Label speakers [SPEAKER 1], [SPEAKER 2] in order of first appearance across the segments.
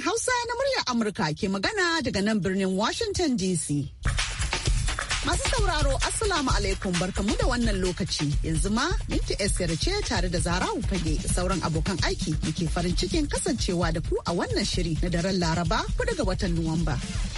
[SPEAKER 1] sashen Hausa na muryar Amurka ke magana daga nan birnin Washington DC. Masu sauraro Assalamu alaikum barkamu da wannan lokaci yanzu ma minti Esther ce tare da Zara Fage da sauran abokan aiki muke farin cikin kasancewa da ku a wannan shiri na daren Laraba kudu ga watan Nuwamba.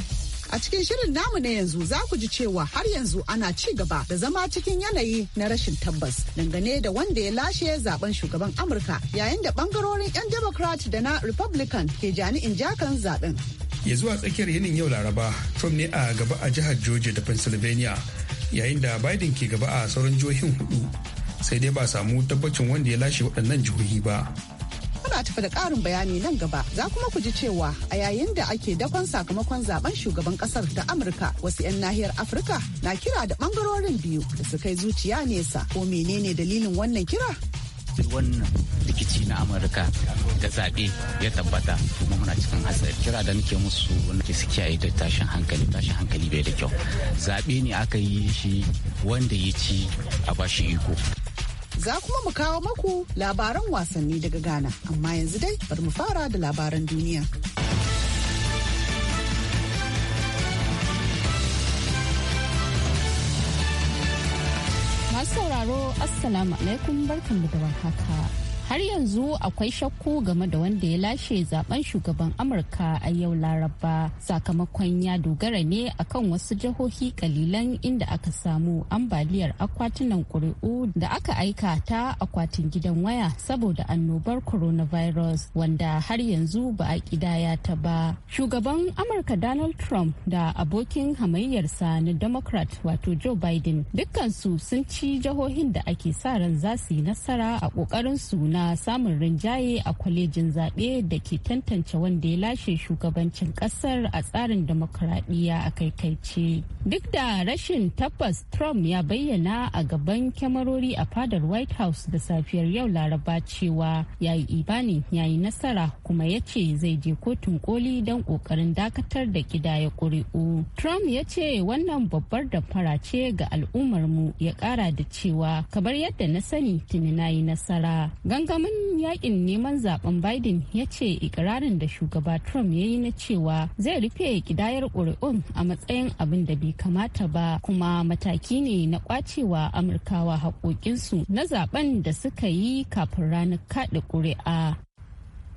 [SPEAKER 1] A cikin shirin namu na yanzu za ku ji cewa har yanzu ana ci gaba da zama cikin yanayi na rashin tabbas dangane da wanda ya lashe zaben shugaban Amurka yayin da bangarorin 'yan Democrat da na Republican ke jani'in jakan zaben.
[SPEAKER 2] Ya zuwa tsakiyar yinin yau Laraba, Trump ne a gaba a jihar Georgia da Pennsylvania yayin da Biden ke gaba a sauran jihohin hudu. Sai dai ba samu tabbacin wanda ya lashe waɗannan jihohi ba.
[SPEAKER 1] Muna tafi da ƙarin bayani nan gaba. Za kuma ku ji cewa a yayin da ake dakon sakamakon zaben shugaban ƙasar ta Amurka wasu 'yan nahiyar Afirka na kira da bangarorin biyu da su kai zuciya nesa ko menene dalilin wannan kira?
[SPEAKER 3] wannan rikici na amurka da zaɓe ya tabbata kuma muna cikin hatsari kira da nake musu wanda ke kiyaye da tashin hankali tashin hankali bai da kyau zaɓe ne aka yi shi wanda ya ci
[SPEAKER 1] a bashi iko za kuma mu kawo maku labaran wasanni daga Ghana, amma yanzu dai bari mu fara da labaran duniya.
[SPEAKER 4] Masu sauraro, Assalamu alaikum barkan da warhaka. har yanzu akwai shakku game da wanda ya lashe zaben shugaban amurka a yau laraba sakamakon ya dogara ne akan wasu jihohi kalilan inda aka samu ambaliyar akwatunan ƙuri'u da aka aika ta akwatin gidan waya saboda annobar coronavirus wanda har yanzu ba a kidaya ta ba shugaban amurka donald trump da abokin hamayyarsa na democrat wato joe biden dukkansu sun ci jihohin da ake sa ran za su yi nasara a ƙoƙarin suna. na samun rinjaye a kwalejin zaɓe da ke tantance wanda ya lashe shugabancin ƙasar a tsarin demokuraɗiyya a kaikaice. Duk da rashin tabbas Trump ya bayyana a gaban kyamarori a fadar White House da safiyar yau Laraba cewa ya yi ibani ya yi nasara kuma ya ce zai je kotun koli don ƙoƙarin dakatar da ya ƙuri'u. Trump ya ce wannan babbar damfara ce ga al'ummar mu ya ƙara da cewa kamar yadda na sani tuni na yi nasara. gangamin yakin neman zaben biden ya ce ikirarin da shugaba trump ya yi na cewa zai rufe kidayar ƙuri'un a matsayin abin da bai kamata ba kuma mataki ne na kwacewa amurkawa haƙoƙinsu na zaben da suka yi kafin ranar kaɗa ƙuri'a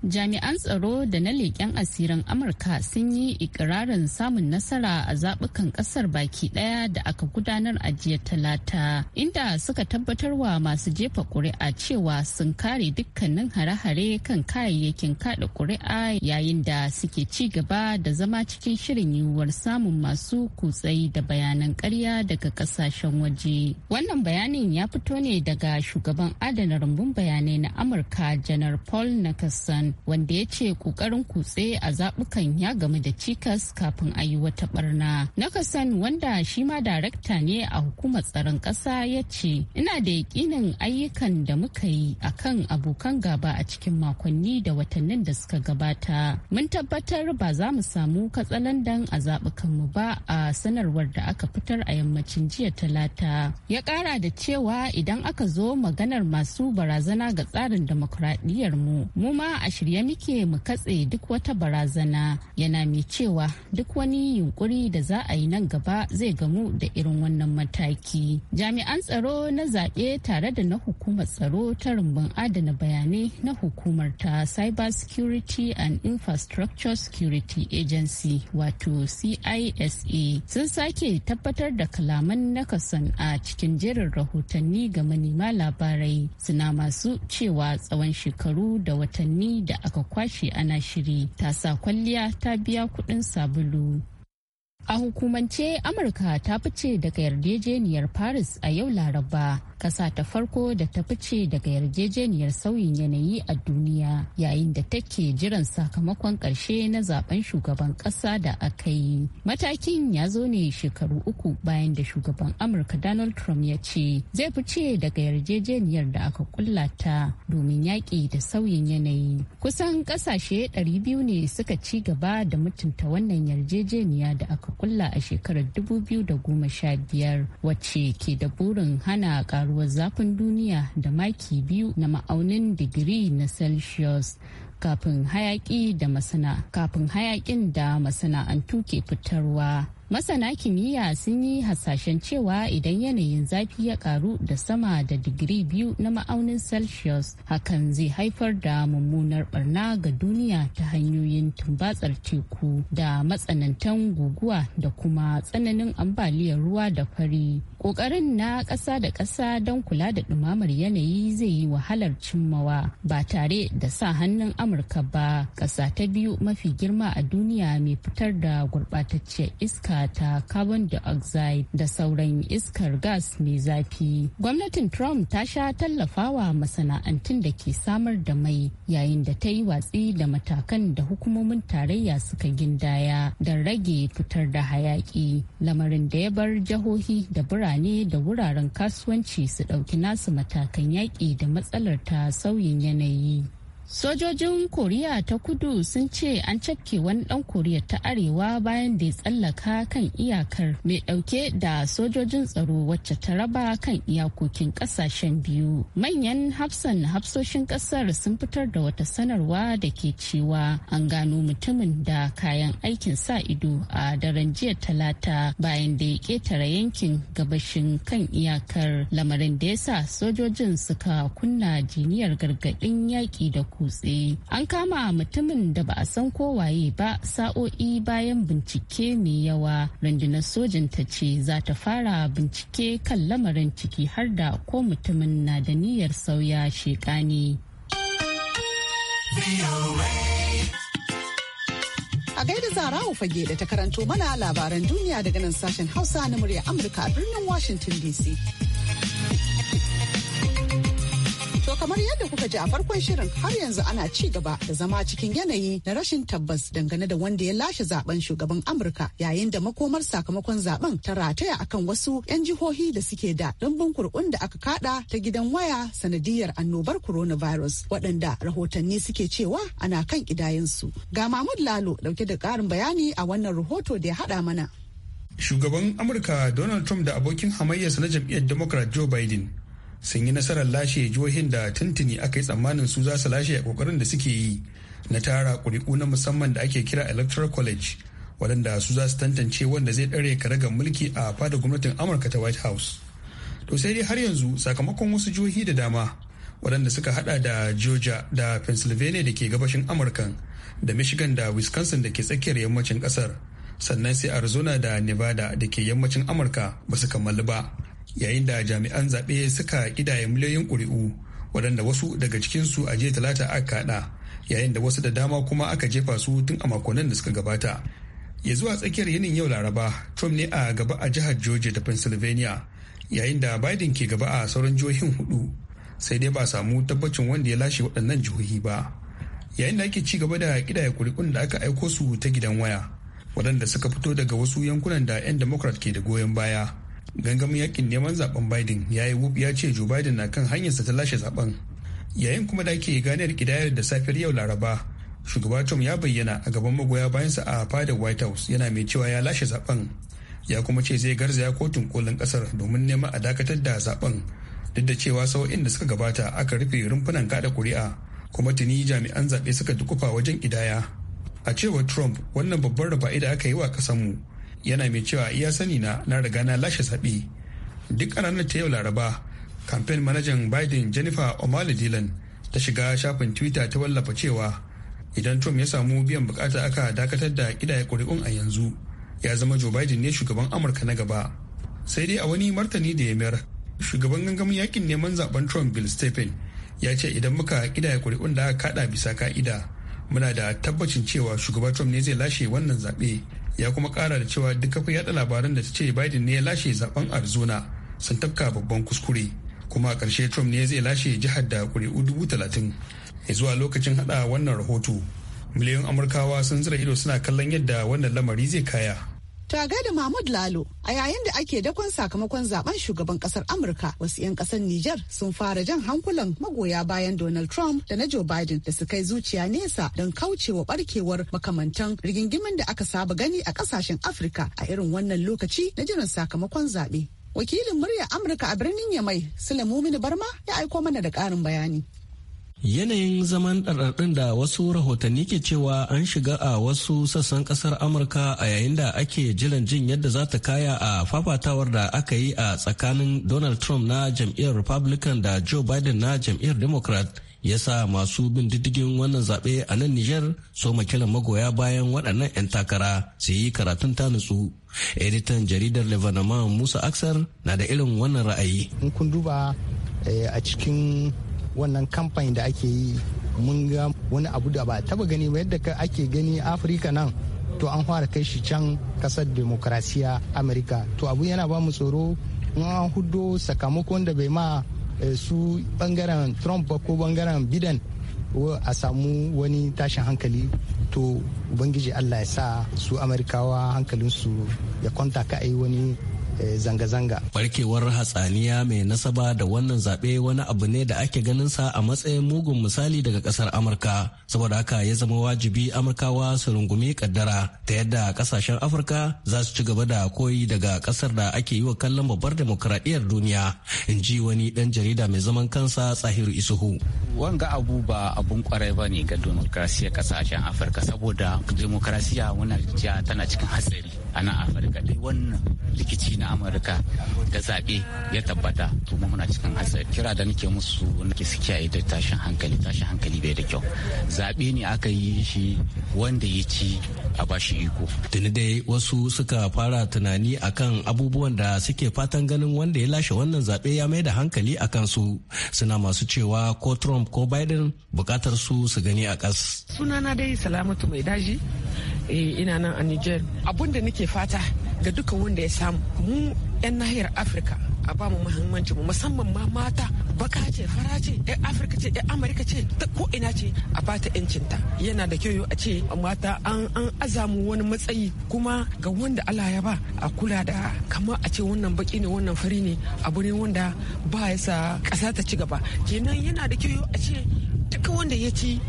[SPEAKER 4] jami'an tsaro da na leƙen asirin amurka sun yi ikirarin samun nasara a zaɓukan ƙasar baki ɗaya da aka gudanar a jiya talata inda suka tabbatar wa masu jefa ƙuri'a cewa sun kare dukkanin hare-hare kan kayayyakin kaɗa ƙuri'a yayin da suke ci gaba da zama cikin shirin yiwuwar samun masu kutsayi da bayanan ƙarya daga ƙasashen waje wannan bayanin ya fito ne daga shugaban adana rumbun bayanai na amurka janar paul nakasan wanda ya ce kokarin kutse a zabukan ya gamu da cikas kafin a yi wata barna. Nakasan wanda shi ma darakta ne a hukumar tsaron ƙasa ya ce ina da yakinin ayyukan da muka yi a kan abokan gaba a cikin makonni da watannin da suka gabata. Mun tabbatar ba za mu samu katsalandan a zabukanmu ba a sanarwar da aka fitar a yammacin jiya talata. Ya ƙara da cewa idan aka zo maganar masu barazana ga tsarin mu, mu ma a shirye muke mu katse duk wata barazana yana mai cewa duk wani yunkuri da za a yi nan gaba zai gamu da irin wannan mataki jami'an tsaro na zaɓe tare da na hukumar tsaro ta rumbun adana bayanai na hukumar ta cyber security and infrastructure security agency wato cisa e, sun sake tabbatar da kalaman nakasan a cikin jerin rahotanni ga manema labarai suna masu cewa tsawon shekaru da watanni da da aka kwashe ana shiri ta sa kwalliya ta biya kuɗin sabulu A hukumance Amurka ta fice daga yarjejeniyar Paris a yau Laraba, kasa ta farko da ta fice daga yarjejeniyar sauyin yanayi a duniya yayin da take jiran sakamakon ƙarshe na zaben shugaban ƙasa da aka yi. Matakin ya zo ne shekaru uku bayan da shugaban Amurka Donald Trump ya ce zai fice daga yarjejeniyar da aka kullata domin yaƙi da sauyin yanayi. Kusan ƙasashe 200 ne suka ci gaba da mutunta wannan yarjejeniya da aka kulla a shekarar 2015 wacce ke da burin hana karuwar zafin duniya da maki biyu na ma'aunin digiri na celsius kafin hayaki da masana'antu ke fitarwa masana kimiyya sun yi hasashen cewa idan yanayin zafi ya karu da sama da digiri biyu na ma'aunin celsius hakan zai haifar da mummunar barna ga duniya ta hanyoyin tumbatsar teku da matsanantan guguwa da kuma tsananin ambaliyar ruwa da fari Ƙoƙarin na ƙasa da ƙasa don kula da ɗumamar yanayi zai yi wahalar cimmawa ba tare da sa hannun amurka ba ƙasa ta biyu mafi girma a duniya mai fitar da gurɓatacciyar iska ta carbon dioxide da sauran iskar gas mai zafi. Gwamnatin Trump ta sha tallafawa masana'antun da ke samar da mai yayin da ta yi watsi da matakan da hukumomin tarayya suka gindaya don rage fitar da hayaki lamarin da ya bar jihohi da birane da wuraren kasuwanci su ɗauki nasu matakan yaƙi da matsalar ta sauyin yanayi. Sojojin Koriya ta kudu sun ce an cafke wani ɗan Koriya ta arewa bayan da ya tsallaka kan iyakar mai ɗauke da sojojin tsaro wacce ta raba kan iyakokin ƙasashen biyu. Manyan hafsan hafsoshin ƙasar sun fitar da wata sanarwa da ke cewa an gano mutumin da kayan aikin sa ido a daren jiya talata bayan da ya ƙetare yankin gabashin kan iyakar lamarin da ya sa sojojin suka kunna jiniyar gargaɗin yaƙi da kutse an kama mutumin da ba a san kowaye ba sa'o'i bayan bincike mai yawa rundunar sojin ta ce za ta fara bincike kan lamarin ciki har da ko mutumin na da niyyar sauya shekani a gaida zarawa fage da ta karanto mana
[SPEAKER 1] labaran duniya daga nan sashen hausa na murya amurka a birnin washington dc kamar yadda kuka ji a farkon shirin har yanzu ana ci gaba da zama cikin yanayi na rashin tabbas dangane da wanda ya lashe zaben shugaban amurka yayin da makomar sakamakon zaben ta rataya akan wasu 'yan jihohi da suke da dumbin kurkun da aka kada ta gidan waya sanadiyar annobar coronavirus waɗanda rahotanni suke cewa ana kan su. ga mahmud lalo dauke da karin bayani a wannan rahoto da ya hada mana
[SPEAKER 2] shugaban amurka donald trump da abokin hamayyarsa na jam'iyyar democrat joe biden sun yi nasarar lashe jihohin da tuntuni aka yi tsammanin su za su lashe a kokarin da suke yi na tara kuri'u na musamman da ake kira electoral college waɗanda su za su tantance wanda zai ɗare karagar mulki a fadar gwamnatin amurka ta white house to sai dai har yanzu sakamakon wasu jihohi da dama waɗanda suka hada da georgia da pennsylvania da ke gabashin amurka da michigan da wisconsin da ke tsakiyar yammacin ƙasar sannan sai arizona da nevada da ke yammacin amurka ba su kammalu ba yayin da jami'an zaɓe suka ƙidaya miliyoyin ƙuri'u waɗanda wasu daga cikinsu a jiya talata aka kaɗa yayin da wasu da dama kuma aka jefa su tun a makonnin da suka gabata ya zuwa tsakiyar yinin yau laraba trump ne a gaba a jihar georgia da pennsylvania yayin da biden ke gaba a sauran jihohin hudu sai dai ba samu tabbacin wanda ya lashe waɗannan jihohi ba yayin da ake ci gaba da kidaya kuri'un da aka aiko su ta gidan waya waɗanda suka fito daga wasu yankunan da 'yan democrat ke da goyon baya gangamin yakin neman zaben biden ya yi wub ya ce joe biden na kan hanyarsa ta lashe zaben yayin kuma da ake ganiyar kidayar da safiyar yau laraba shugaba trump ya bayyana a gaban magoya bayansa a fadar white house yana mai cewa ya lashe zaben ya kuma ce zai garzaya kotun kolin kasar domin neman a dakatar da zaben duk da cewa sau'in da suka gabata aka rufe rumfunan kada kuri'a kuma tuni jami'an zaɓe suka dukufa wajen kidaya a cewar trump wannan babban raba'i da aka yi wa kasanmu yana mai cewa iya sani na na riga na lashe saɓi duk a ranar ta yau laraba kamfen manajan biden jennifer o'malley dillon ta shiga shafin twitter ta wallafa cewa idan trump ya samu biyan bukata aka dakatar da kidaya kuri'un a yanzu ya zama joe biden ne shugaban amurka na gaba sai dai a wani martani da ya mayar shugaban gangamin yakin neman zaben trump bill stephen ya ce idan muka kidaya kuri'un da aka kada bisa ka'ida muna da tabbacin cewa shugaban trump ne zai lashe wannan zaɓe ya kuma kara da cewa duk kafin yada labaran da ta ce biden ne ya lashe zaben arizona sun tafka babban kuskure kuma a ƙarshe trump ne zai lashe jihar da ƙuri'u dubu talatin zuwa lokacin hada wannan rahoto miliyan amurkawa sun zira ido suna kallon yadda wannan lamari zai kaya
[SPEAKER 1] ta da Mahmud Lalo a yayin da ake dakon sakamakon zaben shugaban kasar Amurka wasu 'yan kasar Nijar sun fara jan hankulan magoya bayan Donald Trump da na Joe Biden da su kai zuciya nesa don kaucewa barkewar makamantan rigingimin da aka saba gani a kasashen Afirka a irin wannan lokaci na jiran sakamakon zaɓe. Wakilin murya Amurka a birnin Yamai, Sule Mumini Barma ya aiko mana da ƙarin bayani.
[SPEAKER 5] yanayin zaman ɗarɗarɗin da wasu rahotanni ke cewa an shiga a wasu sassan ƙasar amurka a yayin da ake jiran jin yadda za ta kaya a fafatawar da aka yi a tsakanin donald trump na jam'iyyar republican da joe biden na jam'iyyar democrat ya sa masu bin diddigin wannan zaɓe a nan niger so kiran magoya bayan waɗannan 'yan takara su yi karatun ta nutsu editan jaridar lebanon musa aksar na da irin wannan ra'ayi
[SPEAKER 2] in kun duba
[SPEAKER 6] eh, a cikin wannan kamfani da ake yi mun ga wani abu da ba taba gani ba yadda ake gani afirka nan to an fara kai shi can kasar demokrasiya amerika to abu yana ba mu tsoro in an hudo sakamakon da bai ma eh, su bangaren trump ba ko bangaren biden a samu wani tashin hankali to ubangiji allah ya sa su amerikawa hankalinsu ya kwanta ka yi wani Eh, zanga-zanga.
[SPEAKER 5] Barkewar hatsaniya mai nasaba da wannan zaɓe wani abu ne da ake ganin sa a matsayin mugun misali daga ƙasar Amurka. Saboda haka ya zama wajibi Amurkawa su rungumi kaddara ta yadda ƙasashen Afirka za su ci gaba da koyi daga ƙasar da ake yi wa kallon babbar demokradiyyar duniya. In ji wani ɗan jarida mai zaman kansa Tsahiru Isuhu.
[SPEAKER 3] Wanga abu ba abun kwarai ba ne ga demokrasiyar ƙasashen Afirka saboda demokrasiya muna tana cikin hatsari. a nan afirka dai wannan rikici na amurka da zaɓe ya tabbata to muna cikin hatsari kira da nake musu nake su kiyaye da tashin hankali tashin hankali bai da kyau zaɓe
[SPEAKER 5] ne aka yi shi wanda ya ci a bashi iko tuni dai wasu suka fara tunani akan abubuwan da suke fatan ganin wanda ya lashe wannan zaɓe ya mai da hankali a kansu suna masu cewa ko trump ko biden bukatar su su gani a ƙas
[SPEAKER 7] sunana dai salamatu mai daji eh, ina nan a niger nake muke fata ga duka wanda ya samu mu 'yan nahiyar afirka a ba mu muhimmanci mu musamman ma mata baka ce fara ce yan afirka ce yan amurka ce ta ko ina ce a bata yancin ta yana da kyau a ce mata an an azamu wani matsayi kuma ga wanda Allah ya ba a kula da kama a ce wannan baki ne wannan fari ne abu ne wanda ba ya sa kasa ta ci gaba kenan yana da kyau a ce duka wanda ya ci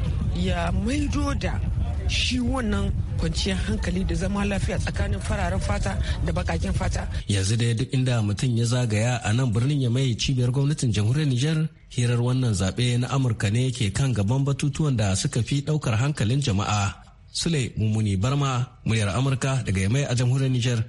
[SPEAKER 7] ya maido da shi wannan kwanciyar hankali da zama lafiya tsakanin fararen fata da bakakin fata.
[SPEAKER 5] Yanzu da duk inda mutum ya zagaya a nan birnin ya mai cibiyar gwamnatin jamhuriyar Nijar hirar wannan zaɓe na Amurka ne ke kan gaban batutuwan da suka fi ɗaukar hankalin jama'a. Sule Mumuni Barma, muryar Amurka daga Yamai a jamhuriyar Nijar.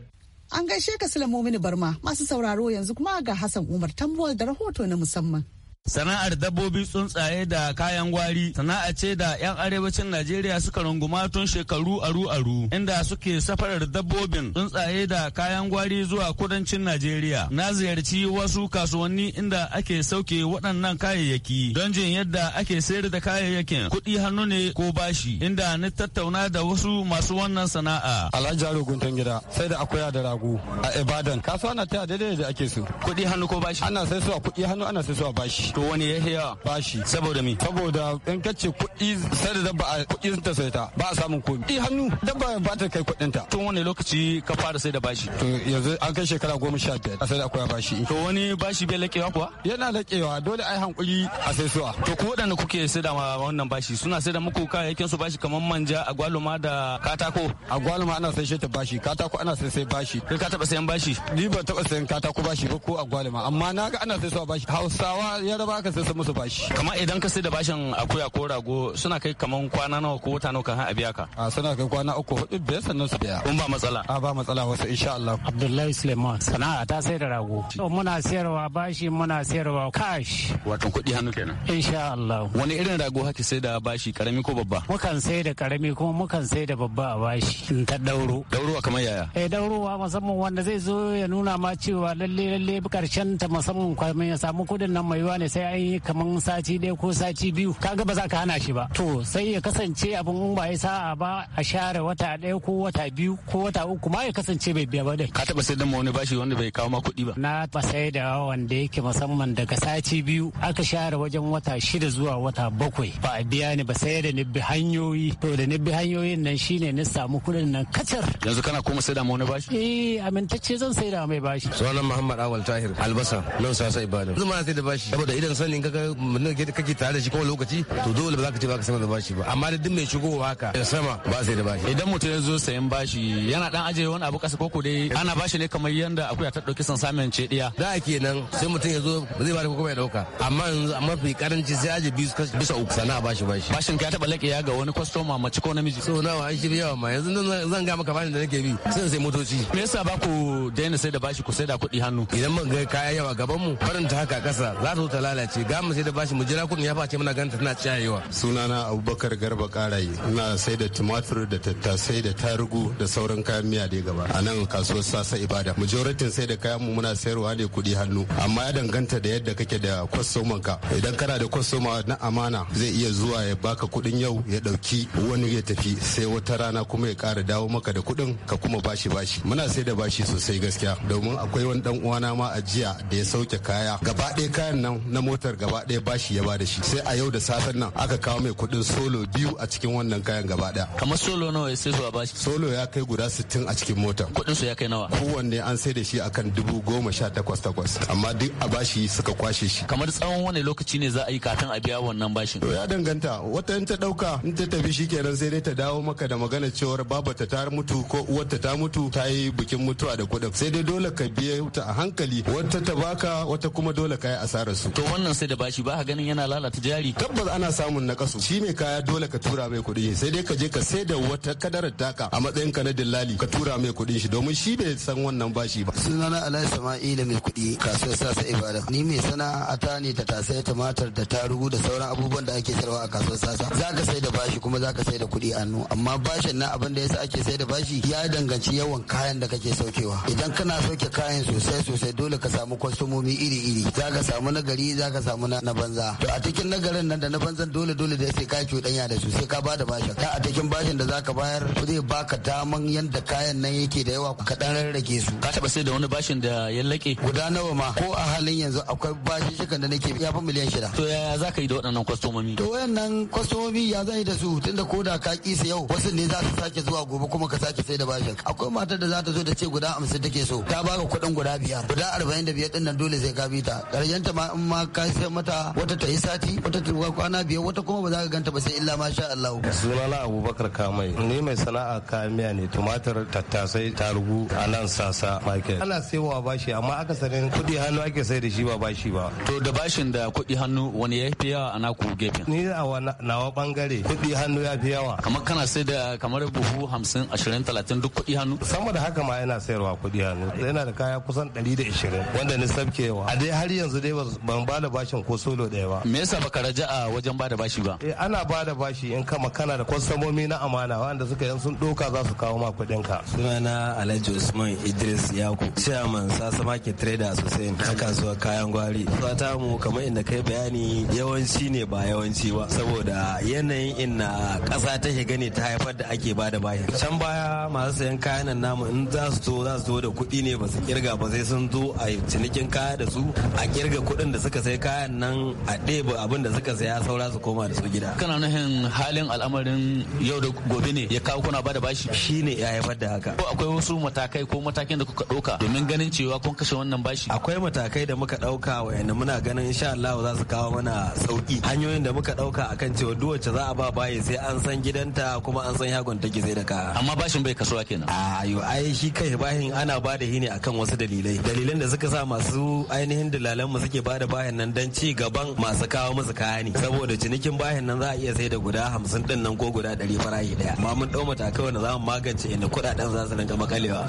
[SPEAKER 1] An gaishe ka Sule Mumuni Barma masu sauraro yanzu kuma ga Hassan Umar Tambuwal da rahoto na musamman.
[SPEAKER 3] Sana'ar dabbobi tsuntsaye da kayan gwari sana'a ce da 'yan arewacin Najeriya suka runguma tun shekaru aru-aru inda suke safarar dabbobin tsuntsaye da kayan gwari zuwa kudancin Najeriya. Na ziyarci wasu kasuwanni inda ake sauke waɗannan kayayyaki don jin yadda ake sayar da kayayyakin kuɗi hannu ne ko bashi inda ni tattauna da wasu masu wannan sana'a.
[SPEAKER 8] Alhaji Aro Guntun Gida sai da akuya da rago a Ibadan kasuwa na ta daidai da ake so.
[SPEAKER 3] Kuɗi hannu ko bashi? Ana sai su a kuɗi
[SPEAKER 8] hannu ana sai su a bashi. ko wani ya hiya bashi saboda me saboda in kace kuɗi sai da dabba a kuɗi ta sai ta ba a samun komi i hannu dabba ba ta kai kuɗin ta tun wani lokaci ka fara
[SPEAKER 3] sai da bashi to yanzu an kai shekara goma sha biyar a sai da akwai bashi to wani bashi bai laƙewa kuwa yana
[SPEAKER 8] laƙewa dole ai hankuri
[SPEAKER 3] a sai suwa to ku waɗanda kuke sai da wannan bashi suna sai da muku kayayyakin su bashi kamar manja agwaluma da katako agwaluma ana sai shi ta bashi katako ana sai sai bashi kai ka taba sayan bashi ni ba taba sayan katako bashi ba ko agwaluma amma na ga ana sai suwa bashi
[SPEAKER 9] hausawa ya ba ka sai musu bashi
[SPEAKER 3] kamar idan ka sai da bashin akuya ko rago suna kai kaman kwana nawa ko wata nawa kan a biya ka
[SPEAKER 10] a
[SPEAKER 9] suna kai kwana uku hudu biyar sannan su
[SPEAKER 3] biya kun ba matsala a ba matsala wasu insha Allah Abdullahi Suleiman sana'a ta sai da rago muna sayarwa bashi muna sayarwa cash wato kuɗi hannu kenan insha Allah wani irin rago haki sai da bashi karami ko babba mukan sai da karami kuma mukan sai da babba a bashi in ta dauro daurowa kamar yaya eh daurowa musamman wanda zai zo ya nuna ma cewa lalle lalle karshen ta musamman kwamin ya samu kudin nan mai ne sai an yi kamar sati ɗaya ko sati biyu kaga ba za ka hana shi ba to sai ya kasance abin ba ya sa'a ba a share wata ɗaya ko wata biyu ko wata uku ma ya kasance bai biya ba dai ka taɓa sai da wani bashi wanda bai kawo ma kuɗi ba na ba sai da wanda yake musamman daga sati biyu aka share wajen wata shida zuwa wata bakwai ba a biya ni ba sai da nibbi hanyoyi to da nibbi hanyoyin nan shine na samu kuɗin nan kacar yanzu kana kuma sai da wani bashi eh amintacce zan sai da mai bashi sunan muhammad awal tahir albasa nan sasa ibada zuma sai da
[SPEAKER 8] bashi saboda idan sanin kaga mutum kake tare da shi kowane lokaci to dole ba za ka ce ba ka sama da bashi ba amma da duk mai shigowa haka da sama ba sai da bashi
[SPEAKER 3] idan mutum ya zo sayan bashi yana dan ajiye wani abu kasa koko dai ana bashi ne kamar yanda akuya ta dauki san samun ce diya da kenan sai mutum ya zo ba zai ba da kuma ya dauka amma yanzu amma fi karanci sai aje biyu bisa uku sana bashi bashi bashin ka ya taba ya ga wani customer mace ko namiji so nawa an shi yawa ma yanzu zan ga maka bashin da nake bi sai sai motoci me yasa ba ku daina sai da bashi ku sai da kuɗi hannu idan mun
[SPEAKER 8] ga kaya yawa
[SPEAKER 3] gaban mu faranta haka kasa za
[SPEAKER 8] su ta lalace ga mu sai da bashi mu jira kudin ya face muna ganta tana ciyayewa sunana abubakar garba karayi ina sai da tumatur da tattasai da tarugu da sauran kayan miya da gaba a nan kasuwar sasa ibada majoritin sai da kayan mu muna sayarwa ne kudi hannu amma ya danganta da yadda kake da kwastoman ka idan kana da kwastoma na amana zai iya zuwa ya baka kudin yau ya dauki wani ya tafi sai wata rana kuma ya kara dawo maka da kudin ka kuma bashi bashi muna sai da bashi sosai gaskiya domin akwai wani dan uwana ma a jiya da ya sauke kaya gaba ɗaya kayan nan na motar gaba ɗaya bashi ya bada shi sai a yau da safen nan aka kawo mai kuɗin solo biyu a cikin wannan kayan gaba ɗaya kamar solo nawa ya sai su a bashi solo ya kai guda sittin a cikin motar kuɗin su ya kai nawa kowanne an sai da shi akan dubu goma sha takwas takwas amma duk a bashi suka kwashe shi kamar tsawon wani lokaci ne za a yi kafin a biya wannan bashin to ya danganta wata in ta ɗauka in ta tafi kenan sai dai ta dawo maka da magana cewar babata ta mutu ko uwarta ta mutu ta yi bikin mutuwa da kuɗin sai dai dole ka biya ta a hankali wata ta baka wata kuma dole ka yi asarar su
[SPEAKER 3] to wannan sai da bashi ba ganin yana lalata
[SPEAKER 8] jari tabbas ana samun nakasu shi mai kaya dole ka tura mai kuɗi sai dai ka je ka sai da wata kadarar taka a matsayin ka na dillali ka tura mai kuɗin shi domin shi bai
[SPEAKER 6] san wannan bashi ba sunana alai sama'ila mai kuɗi kasuwar sasa ibada ni mai sana'ata ne ta tasai tumatir da tarugu da sauran abubuwan da ake sarwa a kasuwar sasa za ka sai da bashi kuma za ka sai da kuɗi hannu amma bashin na abin da yasa ake sai da bashi ya danganci yawan kayan da kake saukewa idan kana sauke kayan sosai sosai dole ka samu kwastomomi iri iri za ka samu nagari. za ka samu na banza to a cikin nagarin nan da na banzan dole dole da sai ka cuɗanya da su sai ka ba da bashin ka a cikin bashin da za ka bayar zai baka daman yadda kayan nan yake da yawa ka dan rarrage su ka taɓa sai da wani bashin da ya laƙe guda nawa ma ko a halin yanzu akwai bashin shikan da nake ya fi miliyan shida to yaya za ka yi da waɗannan kwastomomi to wayannan kwastomomi ya zan yi da su tunda ko da ka kisa yau wasu ne za su sake zuwa gobe kuma ka sake sai da bashin akwai matar da za ta zo da ce guda hamsin take so ta baka kuɗin guda biyar guda arba'in da biyar ɗin nan dole sai ka bi ta ƙarshen ta ma in ma ma ka sai mata wata ta yi sati wata ta kwana biyar wata kuma ba za ka ganta ba sai illa ma sha Allah
[SPEAKER 8] sunana Abubakar Kamai ni mai sana'a kamiya ne tumatir tattasai tarugu a nan sasa market ana saiwa bashi amma aka sani kudi hannu ake sai da shi ba bashi ba to da
[SPEAKER 3] bashin da kudi hannu wani ya fi yawa a naku gefen
[SPEAKER 8] ni a nawa bangare kudi hannu ya fi yawa
[SPEAKER 3] kamar kana sai da kamar buhu hamsin ashirin talatin duk kudi hannu sama da haka ma yana sayarwa
[SPEAKER 8] kudi hannu yana da kaya kusan ɗari da ishirin wanda ni sabkewa a dai har yanzu dai ban ba bada bashin ko solo ɗaya ba me yasa baka raja a wajen bada bashi ba eh ana bada bashi in kama kana da kwastomomi na amana wanda suka yan sun doka za su kawo ma kuɗin ka
[SPEAKER 3] sunana Alhaji Usman
[SPEAKER 7] Idris Yaku chairman Sasa Market Trader Association a kasuwar kayan gwari fata mu kamar inda kai bayani yawanci ne ba yawanci ba saboda yanayin inna ƙasa ta shiga ne ta haifar da ake bada bashi can baya masu sayan kayan nan namu in za su zo za su zo da kuɗi ne ba su kirga ba sai sun zo a cinikin kaya da su a kirga kuɗin da suka sai kayan nan a ɗebe abin da suka saya saura su koma da su gida
[SPEAKER 3] kana nuhin halin al'amarin yau da gobe ne ya kawo kuna bada bashi shine ya haifar da haka ko akwai wasu matakai ko matakin da kuka ɗauka domin ganin cewa kun kashe wannan bashi akwai matakai da muka ɗauka wayanda muna ganin insha
[SPEAKER 7] Allah za su kawo mana sauki hanyoyin da muka ɗauka akan cewa duk wacce za a ba bayi sai an san gidanta kuma an san yagon take sai da ka amma bashin bai kasuwa kenan a yo ai shi kai bashin ana bada shi ne akan wasu dalilai dalilan da suka sa masu ainihin dalalan mu suke bada bashi bayan nan don ci gaban masu kawo musu kaya ne saboda cinikin bayan nan za a iya sai da guda hamsin din nan ko guda ɗari farashi ɗaya amma mun ɗau matakai wanda za mu magance inda kuɗaɗen za su rinka makalewa.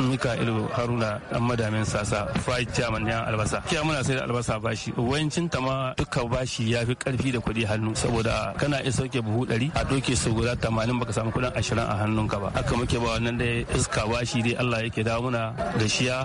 [SPEAKER 3] mika ilo haruna dan madamin sasa fried chairman yan albasa kiya muna sai da albasa bashi wayancin ta ma duka bashi ya fi ƙarfi da kuɗi hannu saboda kana iya sauke buhu ɗari a doke su guda tamanin baka samu kuɗin ashirin a hannunka ba haka muke ba wannan dai iska bashi dai Allah yake dawo muna da shiya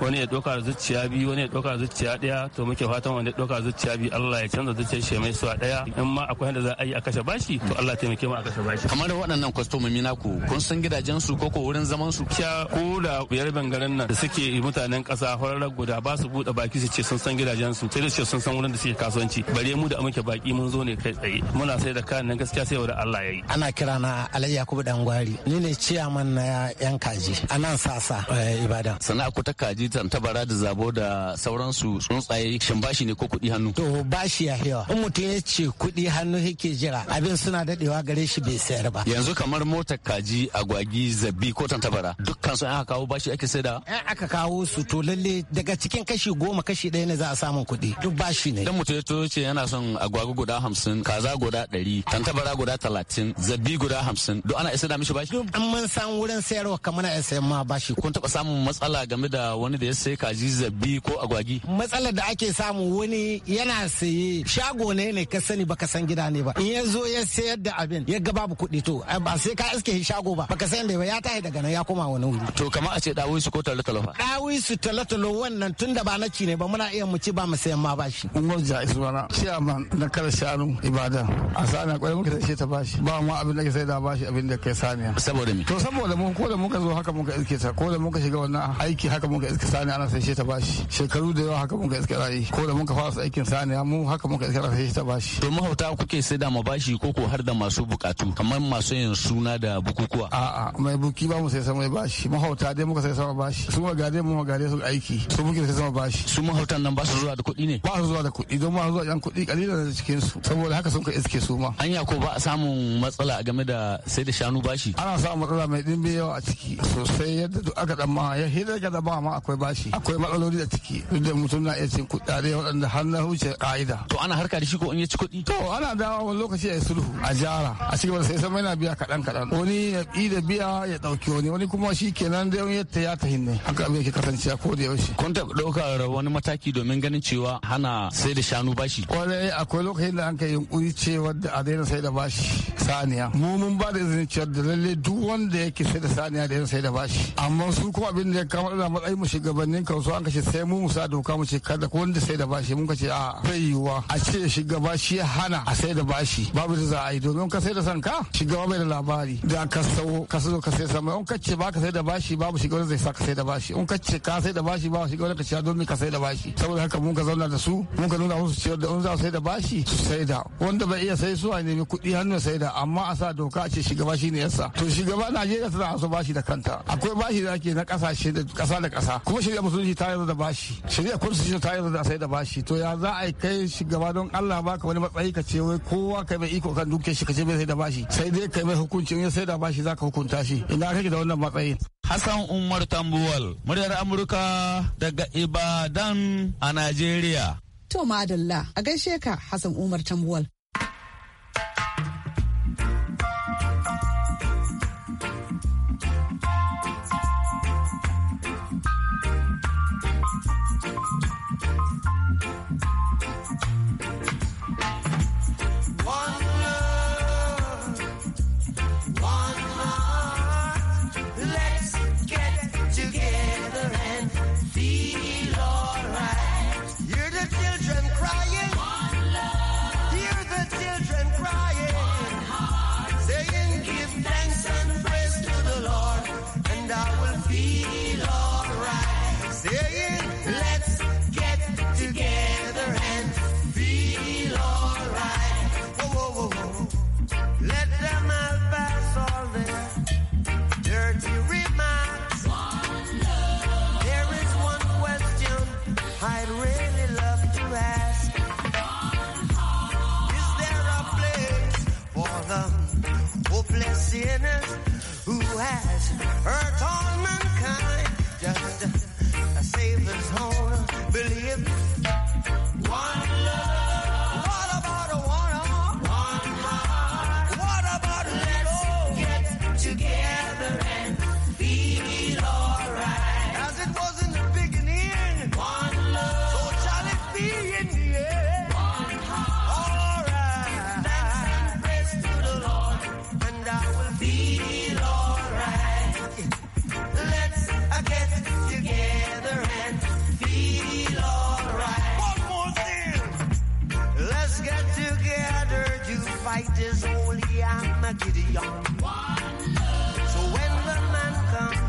[SPEAKER 3] wani ya ɗauka zuciya biyu wani ya ɗauka zuciya ɗaya to to muke fatan wanda ɗauka zuciya bi Allah ya canza zuciyar shi mai suwa ɗaya in ma akwai yadda za a yi a kashe bashi to Allah taimake mu a kashe bashi kamar da waɗannan kwastomomi naku kun san gidajen su ko wurin zaman su kya ko da biyar bangaren nan da suke mutanen ƙasa horar guda ba su buɗe baki su ce sun san gidajen su sai da su sun san wurin da suke kasuwanci bare mu da muke baki mun zo ne kai tsaye muna sai da kan nan gaskiya sai da Allah ya
[SPEAKER 5] yi ana kira na alayya Yakubu Dangwari ni ne ciyaman na yan kaji anan sasa
[SPEAKER 3] eh, Ibadan sana'a ku ta kaji tantabara da zabo da sauransu tsuntsaye yi shin bashi ne ko kuɗi hannu.
[SPEAKER 5] To bashi ya yawa. In mutum ya ce kuɗi hannu yake jira abin suna daɗewa gare shi bai sayar ba.
[SPEAKER 3] Yanzu kamar motar kaji agwagi zabi ko tantabara dukkan su aka kawo bashi ake saida.
[SPEAKER 5] da. In aka kawo su to lalle daga cikin kashi goma kashi ɗaya ne za a samu kuɗi duk bashi ne.
[SPEAKER 3] Dan mutum ya to ce yana son agwagi guda hamsin kaza guda ɗari tantabara guda talatin zabi guda hamsin duk ana isa da mishi bashi.
[SPEAKER 5] Duk an man san wurin sayarwa kamar a sayan ma bashi. Kun
[SPEAKER 3] taɓa samun matsala game da wani da ya sai kaji zabi ko agwagi.
[SPEAKER 5] Matsalar da ake kake samu wani yana saye shago ne ne ka sani baka san gida ne ba in ya zo ya sayar da abin ya ga babu kuɗi to ba sai ka iske shago ba baka san da ba ya tahi daga nan ya koma wani wuri to kamar a ce
[SPEAKER 3] su ko talotalo fa
[SPEAKER 5] su talatalo wannan tunda ba na ci ne ba muna iya mu ci ba mu sayan ma
[SPEAKER 9] bashi umar ja'isu bana ciyaman na kar shanu ibada a sana kwarai muka sai ta bashi ba ma abin da ke sai da bashi abin da ke saniya saboda mi to saboda mu ko da muka zo haka muka iske ta ko da muka shiga wannan aiki haka muka iske saniya ana sai ta bashi shekaru da yawa haka muka iske yi ko da muka fara aikin sani mu haka muka iskara sai
[SPEAKER 3] ta bashi to mahauta kuke sai da ma bashi ko ko har da masu bukatu kamar masu yin suna da bukukuwa
[SPEAKER 9] a'a mai buki ba mu sai sama bashi mahauta dai muka sai sama bashi su ma gade mu gade su aiki su muke sai sama bashi su mahautan nan ba su zuwa da kuɗi ne ba su zuwa da kuɗi don ma zuwa yan kuɗi kalilan da cikin su saboda haka sun ka iske su ma hanya ko ba a samun
[SPEAKER 3] matsala game da sai da shanu bashi
[SPEAKER 9] ana samun matsala mai dimbe yawa a ciki sosai yadda duk aka dan ma ya hira ga da ba ma akwai bashi akwai matsaloli a ciki duk da mutum na iya cin kuɗi Tare waɗanda har na huce ƙa'ida. To ana harka da shi ko in ya ci kuɗi? To ana dawa wani lokaci a yi sulhu a jara a cikin wani sai sama yana biya kaɗan kaɗan wani ya ƙi da biya ya ɗauki wani wani kuma shi kenan da yadda ya ta ne. haka abin yake kasance ko da yaushe.
[SPEAKER 3] Kun taɓa ɗaukar wani mataki domin ganin cewa hana sai da shanu bashi.
[SPEAKER 9] Kwarai akwai lokacin da an kai yunƙuri cewa da a daina sai da bashi saniya. Mu mun ba da izinin ciyar da lalle duk wanda yake sai da saniya da yin sai da bashi. Amma su kuma abin da ya kama da matsayin mu shugabannin kansu an kashe sai mu musa doka mu ce kada ko wanda sai da bashi mun ce a bai yiwuwa a ce bashi ya hana a sai da bashi babu da za a yi domin ka sai da sanka shugaba bai da labari da ka sau ka so ka sai sama in ka ce ba ka sai da bashi babu wanda zai sa ka sai da bashi in ka ce ka sai da bashi babu wanda ka ce domin ka sai da bashi saboda haka mun ka zauna da su mun ka nuna musu cewa da in za su sai da bashi su sai da wanda bai iya sai su a nemi kuɗi hannun sai da amma a sa doka a ce shiga bashi ne yasa to shiga shugaba Najeriya tana so bashi da kanta akwai bashi da ake na kasashe da kasa da kasa kuma shirya musulunci ta yarda da bashi shari'a shi ta yarda da sai da bashi to ya za a kai gaba don Allah baka wani matsayi ka ce wai kowa kai mai iko kan dukiyar shi ka ce mai sai da bashi sai dai kai mai hukunci in sai da bashi zaka hukunta shi ina kake da wannan matsayin Hassan Umar Tambuwal muryar Amurka daga Ibadan a Najeriya
[SPEAKER 1] To madalla a gaishe ka Hassan Umar Tambuwal
[SPEAKER 10] fight is holy Armageddon. So when the man comes,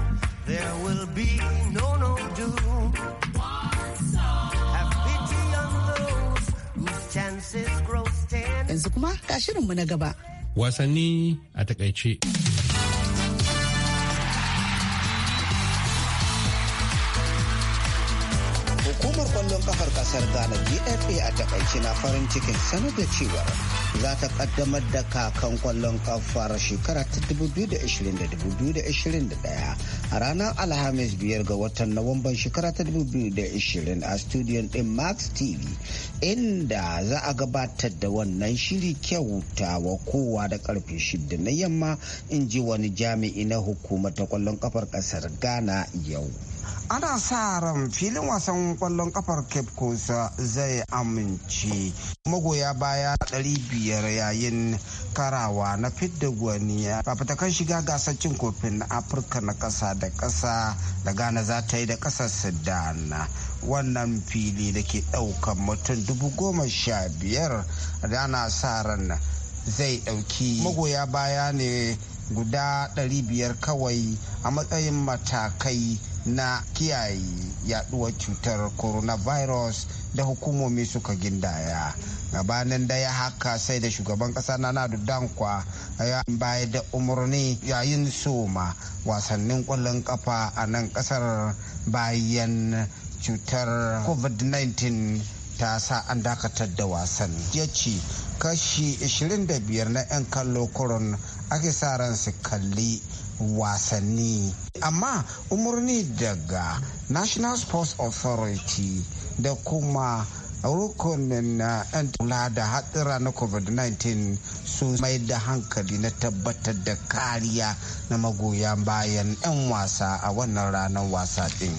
[SPEAKER 10] there will be no no doom. Have pity on those whose chances grow ten.
[SPEAKER 1] Yanzu kuma ga shirinmu na gaba.
[SPEAKER 2] Wasanni
[SPEAKER 11] kasar ghana dfa a takaici na farin cikin sanar da cewa za ta kaddamar da kakan kwallon kafar shekara ta 2020-2021 a ranar alhamis biyar ga watan nawamban shekara ta 2020 a studiyon din max tv inda za a gabatar da wannan shiri kyauta wa kowa da karfe shida na yamma in ji wani jami'i na hukumar ta kwallon kafar kasar ghana yau ana sa ran filin wasan kwallon kafar cape coast zai amince magoya baya 500 yayin karawa na fidda gwaniya fafatakan shiga gasar cin kofin na afirka na ƙasa da ƙasa da ghana za ta yi da ƙasar sudan wannan fili da ke daukan mutum dubu goma sha biyar da ana sa ran zai ɗauki magoya baya ne guda 500 kawai a matsayin matakai na kiyaye yaduwar cutar coronavirus da hukumomi suka gindaya gabanin da ya haka sai da shugaban kasa na nadu dankwa ya baya da umarni yayin soma wasannin kwallon kafa a nan kasar bayan cutar covid-19 ta sa an dakatar da wasan ya ce kashi 25 na 'yan kallo koron ake sa ran su kalli wasanni amma umarni daga national sports authority da kuma rukunin na 'yan kula da hatsira na covid-19 su mai da hankali na tabbatar da kariya na magoya bayan 'yan wasa a wannan ranar wasa din.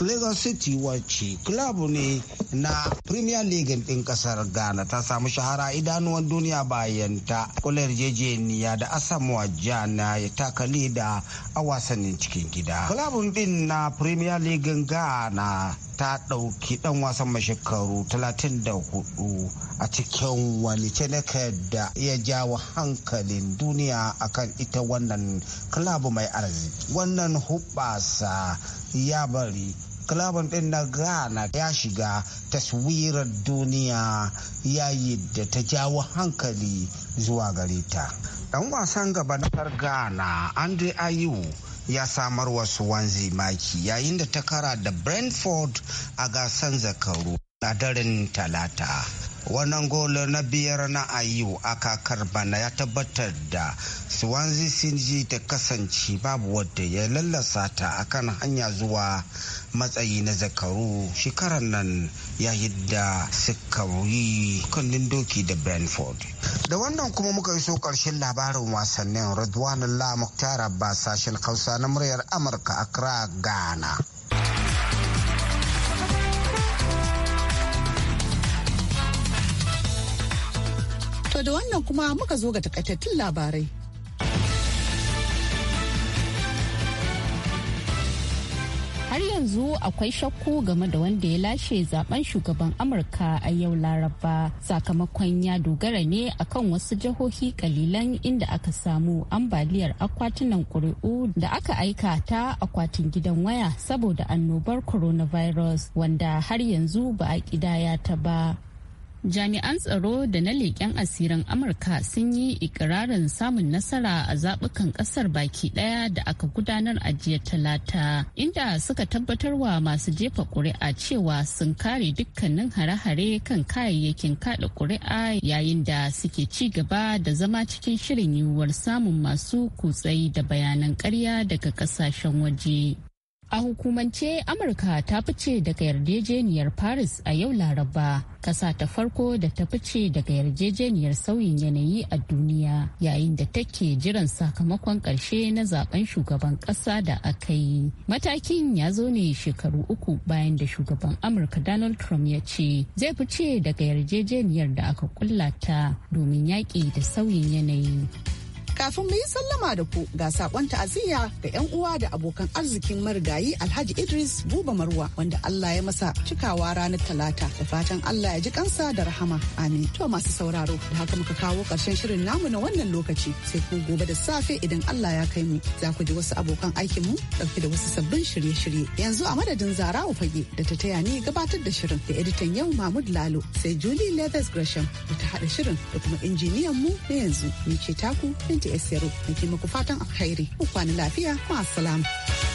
[SPEAKER 11] lagos city wacce club ne na premier league ɗin ƙasar ghana ta samu shahara idanuwan duniya bayan ta kula jejeniya da asamoah jana ya takali da a wasannin cikin gida club ɗin na premier league ghana ta ɗauki ɗan wasan mai shekaru 34 a cikin wani cinaka da ya jawo hankalin duniya akan ita wannan club mai arziki wannan hubbasa ya bari klaban ɗin na Ghana ya shiga taswirar duniya yayi da ta jawo hankali zuwa gare ta. Dan wasan gaba na Ghana Andre Ayew ya samar wa Swansea maki yayin da ta kara da Brentford a gasan zakaru a daren talata. wannan golar na biyar na ayu a kakar bana ya tabbatar da swansea sun ji ta kasance babu wadda ya lallasa ta a kan hanya zuwa matsayi na zakaru shekarar nan ya yi da sukari kundin doki da brentford da wannan kuma muka iso karshen labarin wasannin radwan la muktar abbas sashen hausa na muryar amurka accra ghana
[SPEAKER 1] To da wannan kuma muka zo ga takaitattun labarai.
[SPEAKER 4] Har yanzu akwai shakku game da wanda ya lashe zaben shugaban Amurka a yau Laraba sakamakon ya dogara ne akan wasu jihohi kalilan inda aka samu ambaliyar akwatunan kuri'u da aka aika ta akwatin gidan waya saboda annobar coronavirus wanda har yanzu ba a ƙidaya ta ba. jami'an tsaro da na leƙen asirin amurka sun yi ikirarin samun nasara a zaɓukan ƙasar baki ɗaya da aka gudanar a jiya talata inda suka tabbatar wa masu jefa ƙuri'a cewa sun kare dukkanin hare-hare kan kayayyakin kaɗa ƙuri'a yayin da suke ci gaba da zama cikin shirin yiwuwar samun masu kutsayi da bayanan ƙarya daga ƙasashen waje A hukumance Amurka ta fice daga yarjejeniyar Paris a yau Laraba, kasa ta farko da ta fice daga yarjejeniyar sauyin yanayi a duniya yayin da take jiran sakamakon ƙarshe na zaben shugaban ƙasa da aka yi. Matakin ya zo ne shekaru uku bayan da shugaban Amurka Donald Trump ya ce zai fice daga yarjejeniyar da aka kulla domin yaƙi da sauyin yanayi.
[SPEAKER 1] Kafin mu yi sallama da ku ga sakon ta'aziyya ga 'yan uwa da abokan arzikin marigayi Alhaji Idris Buba Marwa wanda Allah ya masa cikawa ranar Talata da fatan Allah ya ji kansa da rahama. Amin. To masu sauraro da haka muka kawo karshen shirin namu na wannan lokaci sai ku gobe da safe idan Allah ya kai mu za ku ji wasu abokan aikin mu dauke da wasu sabbin shirye-shirye. Yanzu a madadin Zarawa Fage da ta taya ni gabatar da shirin da editan yau Mahmud Lalo sai Julie Leathers Gresham da ta haɗa shirin da kuma injiniyan mu na yanzu ni ce taku Binta Bilkisu Esiru. Nake muku fatan alheri, Ku kwana lafiya. Ma'asalam.